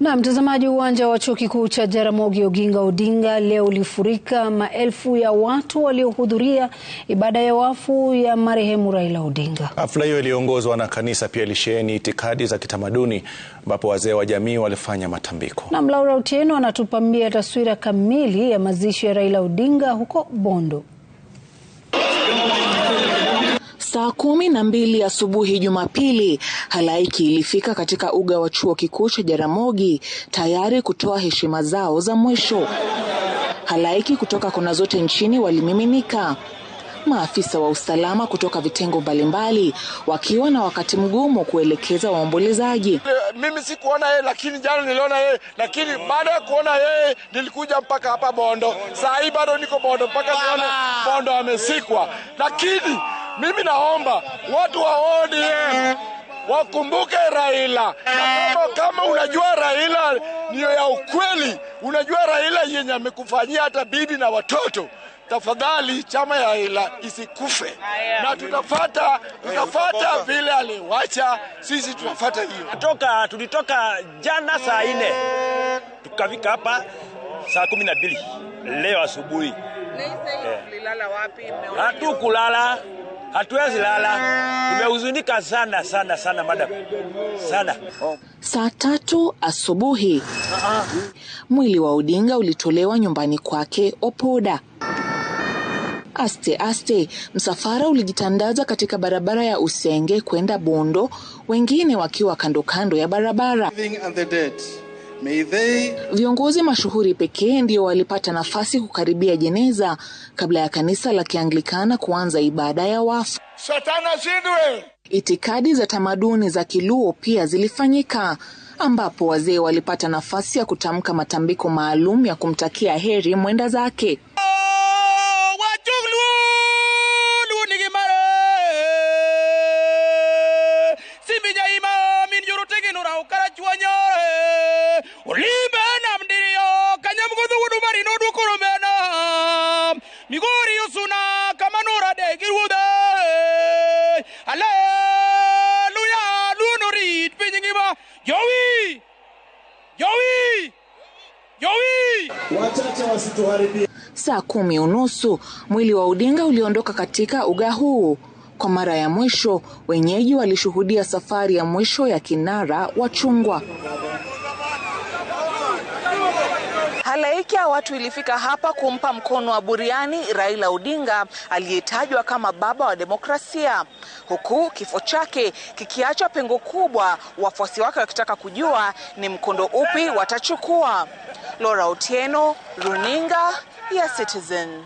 Na mtazamaji, uwanja wa chuo kikuu cha Jaramogi Oginga Odinga leo ulifurika maelfu ya watu waliohudhuria ibada ya wafu ya marehemu Raila Odinga. Hafla hiyo iliongozwa na kanisa pia ilisheheni itikadi za kitamaduni ambapo wazee wa jamii walifanya matambiko. Na Laura Utieno anatupambia taswira kamili ya mazishi ya Raila Odinga huko Bondo. Saa kumi na mbili asubuhi Jumapili, halaiki ilifika katika uga wa chuo kikuu cha Jaramogi tayari kutoa heshima zao za mwisho. Halaiki kutoka kona zote nchini walimiminika, maafisa wa usalama kutoka vitengo mbalimbali wakiwa na wakati mgumu kuelekeza waombolezaji. Eh, mimi sikuona yeye, lakini jana niliona yeye, lakini baada ya kuona yeye nilikuja mpaka hapa Bondo. Saa hii bado niko Bondo mpaka nione Bondo amesikwa, lakini mimi naomba watu wa ODM wakumbuke Raila, kama, kama unajua Raila niyo ya ukweli, unajua Raila yenye amekufanyia hata bibi na watoto, tafadhali chama ya Raila isikufe, na tutafata tutafata vile aliwacha, sisi tutafata hiyo. Toka tulitoka jana saa nne tukafika hapa saa kumi na mbili leo asubuhi. Eh. Hatukula yeah hatuwezi lala, tumehuzunika sana sana sana madam, sana. Saa tatu asubuhi mwili wa Odinga ulitolewa nyumbani kwake Opoda. Aste aste msafara ulijitandaza katika barabara ya Usenge kwenda Bondo, wengine wakiwa kando kando ya barabara. They... Viongozi mashuhuri pekee ndio walipata nafasi kukaribia jeneza kabla ya kanisa la Kianglikana kuanza ibada ya wafu. Satana ashindwe. Itikadi za tamaduni za Kiluo pia zilifanyika ambapo wazee walipata nafasi ya kutamka matambiko maalum ya kumtakia heri mwenda zake. Oh, Ulibe nam diriyo kanyam gudu mari no du kurumena migori yusuna kamanura de girude haleluya lunorit pinyigiba yowi jowi yowi wachache wasituharibia saa kumi unusu mwili wa udinga uliondoka katika uga huu. Kwa mara ya mwisho, wenyeji walishuhudia safari ya mwisho ya kinara wa chungwa. Halaiki ya watu ilifika hapa kumpa mkono wa buriani Raila Odinga aliyetajwa kama baba wa demokrasia, huku kifo chake kikiacha pengo kubwa, wafuasi wake wakitaka kujua ni mkondo upi watachukua. Laura Otieno, runinga ya Citizen.